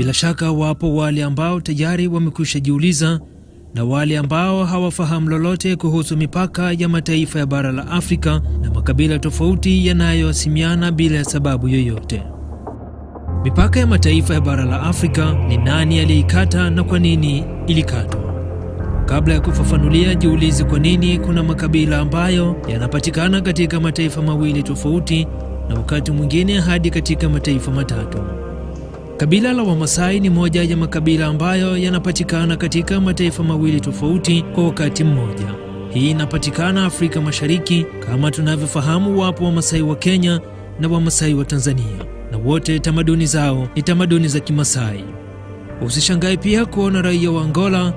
Bila shaka wapo wale ambao tayari wamekwisha jiuliza na wale ambao hawafahamu lolote kuhusu mipaka ya mataifa ya bara la Afrika na makabila tofauti yanayohasimiana bila ya sababu yoyote. Mipaka ya mataifa ya bara la Afrika ni nani aliyeikata na kwa nini ilikatwa? Kabla ya kufafanulia, jiulize kwa nini kuna makabila ambayo yanapatikana katika mataifa mawili tofauti na wakati mwingine hadi katika mataifa matatu. Kabila la Wamasai ni moja ya makabila ambayo yanapatikana katika mataifa mawili tofauti kwa wakati mmoja. Hii inapatikana Afrika Mashariki. Kama tunavyofahamu, wapo Wamasai wa Kenya na Wamasai wa Tanzania, na wote tamaduni zao ni tamaduni za Kimasai. Usishangae pia kuona raia wa Angola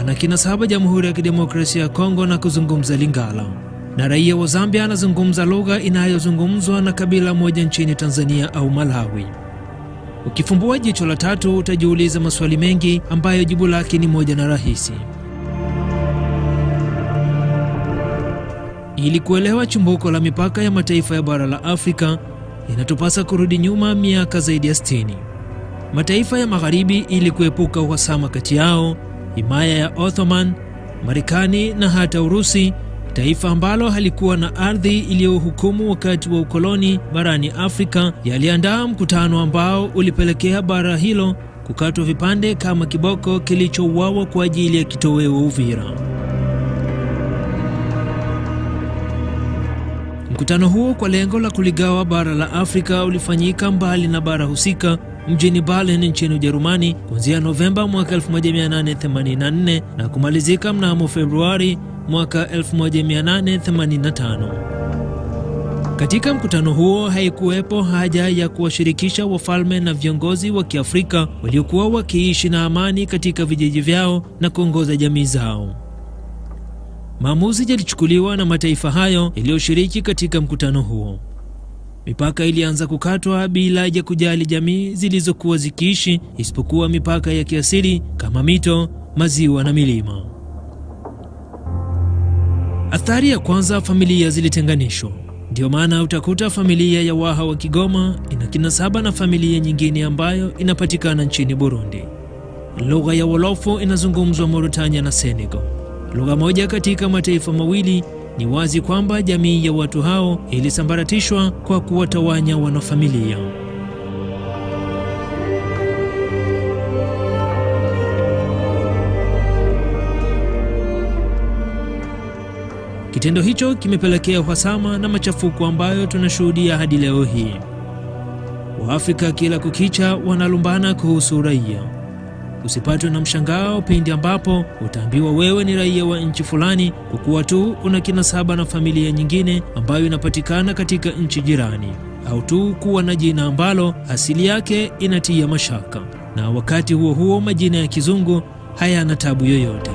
ana kinasaba Jamhuri ya Kidemokrasia ya Kongo na kuzungumza Lingala, na raia wa Zambia anazungumza lugha inayozungumzwa na kabila moja nchini Tanzania au Malawi. Ukifumbua jicho la tatu utajiuliza maswali mengi ambayo jibu lake ni moja na rahisi. Ili kuelewa chumbuko la mipaka ya mataifa ya bara la Afrika, inatupasa kurudi nyuma miaka zaidi ya 60. Mataifa ya magharibi, ili kuepuka uhasama kati yao, himaya ya Ottoman, Marekani na hata Urusi taifa ambalo halikuwa na ardhi iliyohukumu wakati wa ukoloni barani Afrika, yaliandaa mkutano ambao ulipelekea bara hilo kukatwa vipande kama kiboko kilichouawa kwa ajili ya kitoweo Uvira. Mkutano huo kwa lengo la kuligawa bara la Afrika ulifanyika mbali na bara husika mjini Berlin nchini Ujerumani kuanzia Novemba mwaka 1884 na kumalizika mnamo Februari mwaka 1885. Katika mkutano huo haikuwepo haja ya kuwashirikisha wafalme na viongozi wa Kiafrika waliokuwa wakiishi na amani katika vijiji vyao na kuongoza jamii zao. Maamuzi yalichukuliwa na mataifa hayo yaliyoshiriki katika mkutano huo. Mipaka ilianza kukatwa bila ya kujali jamii zilizokuwa zikiishi, isipokuwa mipaka ya kiasili kama mito, maziwa na milima. Athari ya kwanza, familia zilitenganishwa. Ndiyo maana utakuta familia ya Waha wa Kigoma ina kinasaba na familia nyingine ambayo inapatikana nchini Burundi. Lugha ya wolofu inazungumzwa Mauritania na Senegal, lugha moja katika mataifa mawili. Ni wazi kwamba jamii ya watu hao ilisambaratishwa kwa kuwatawanya wanafamilia. Kitendo hicho kimepelekea uhasama na machafuko ambayo tunashuhudia hadi leo hii. Waafrika kila kukicha wanalumbana kuhusu raia Usipatwe na mshangao pindi ambapo utaambiwa wewe ni raia wa nchi fulani kwa kuwa tu una kinasaba na familia nyingine ambayo inapatikana katika nchi jirani au tu kuwa na jina ambalo asili yake inatia mashaka, na wakati huo huo majina ya kizungu hayana tabu yoyote.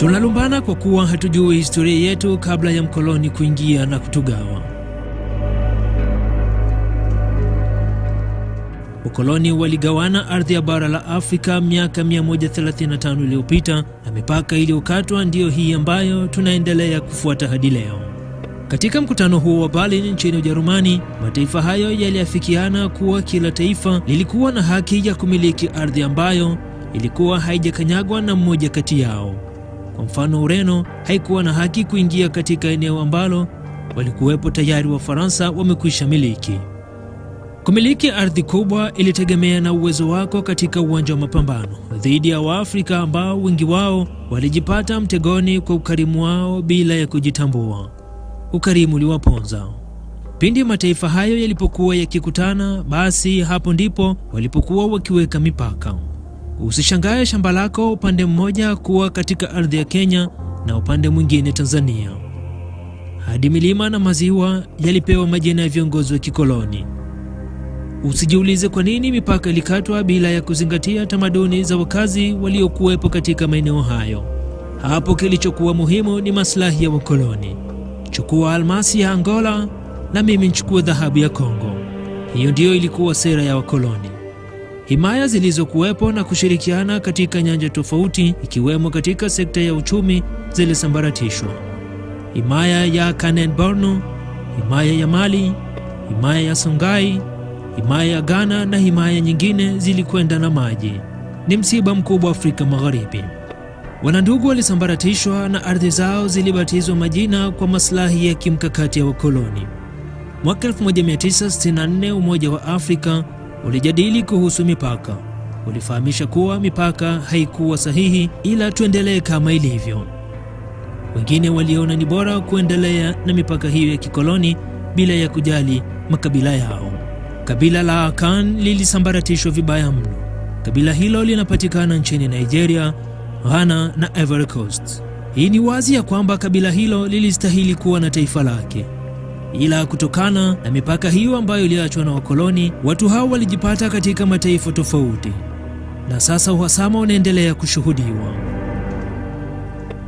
Tunalumbana kwa kuwa hatujui historia yetu kabla ya mkoloni kuingia na kutugawa. Wakoloni waligawana ardhi ya bara la Afrika miaka 135 iliyopita, na mipaka iliyokatwa ndiyo hii ambayo tunaendelea kufuata hadi leo. Katika mkutano huo wa Berlin nchini Ujerumani, mataifa hayo yaliafikiana kuwa kila taifa lilikuwa na haki ya kumiliki ardhi ambayo ilikuwa haijakanyagwa na mmoja kati yao. Kwa mfano, Ureno haikuwa na haki kuingia katika eneo ambalo walikuwepo tayari Wafaransa wamekwisha miliki. Kumiliki ardhi kubwa ilitegemea na uwezo wako katika uwanja wa mapambano dhidi ya Waafrika ambao wengi wao walijipata mtegoni kwa ukarimu wao bila ya kujitambua. Ukarimu uliwaponza. Pindi mataifa hayo yalipokuwa yakikutana, basi hapo ndipo walipokuwa wakiweka mipaka. Usishangae shamba lako upande mmoja kuwa katika ardhi ya Kenya na upande mwingine Tanzania. Hadi milima na maziwa yalipewa majina ya viongozi wa kikoloni. Usijiulize kwa nini mipaka ilikatwa bila ya kuzingatia tamaduni za wakazi waliokuwepo katika maeneo hayo. Hapo kilichokuwa muhimu ni maslahi ya wakoloni. Chukua almasi ya Angola na mimi nchukue dhahabu ya Kongo. Hiyo ndiyo ilikuwa sera ya wakoloni himaya zilizokuwepo na kushirikiana katika nyanja tofauti ikiwemo katika sekta ya uchumi zilisambaratishwa: himaya ya Kanen Borno, himaya ya Mali, himaya ya Songhai, himaya ya Ghana na himaya nyingine zilikwenda na maji. Ni msiba mkubwa Afrika Magharibi. Wanandugu walisambaratishwa na ardhi zao zilibatizwa majina kwa maslahi ya kimkakati ya wakoloni. Mwaka 1964 Umoja wa Afrika ulijadili kuhusu mipaka, ulifahamisha kuwa mipaka haikuwa sahihi, ila tuendelee kama ilivyo. Wengine waliona ni bora kuendelea na mipaka hiyo ya kikoloni bila ya kujali makabila yao. Kabila la Akan lilisambaratishwa vibaya mno. Kabila hilo linapatikana nchini Nigeria, Ghana na Ivory Coast. Hii ni wazi ya kwamba kabila hilo lilistahili kuwa na taifa lake. Ila kutokana na mipaka hiyo ambayo iliachwa na wakoloni, watu hao walijipata katika mataifa tofauti, na sasa uhasama unaendelea kushuhudiwa.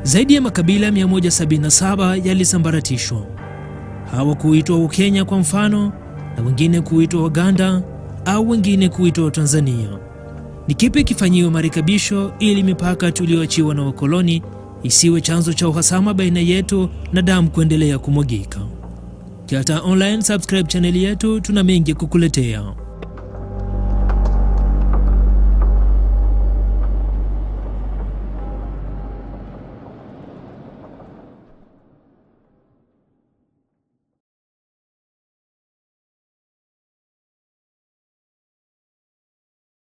Zaidi ya makabila 177 yalisambaratishwa. Hawa kuitwa Wakenya kwa mfano, na wengine kuitwa Waganda au wengine kuitwa Tanzania. Ni kipi kifanyiwe marekebisho ili mipaka tuliyoachiwa na wakoloni isiwe chanzo cha uhasama baina yetu na damu kuendelea kumwagika? Kyata Online, subscribe chaneli yetu, tuna mengi kukuletea.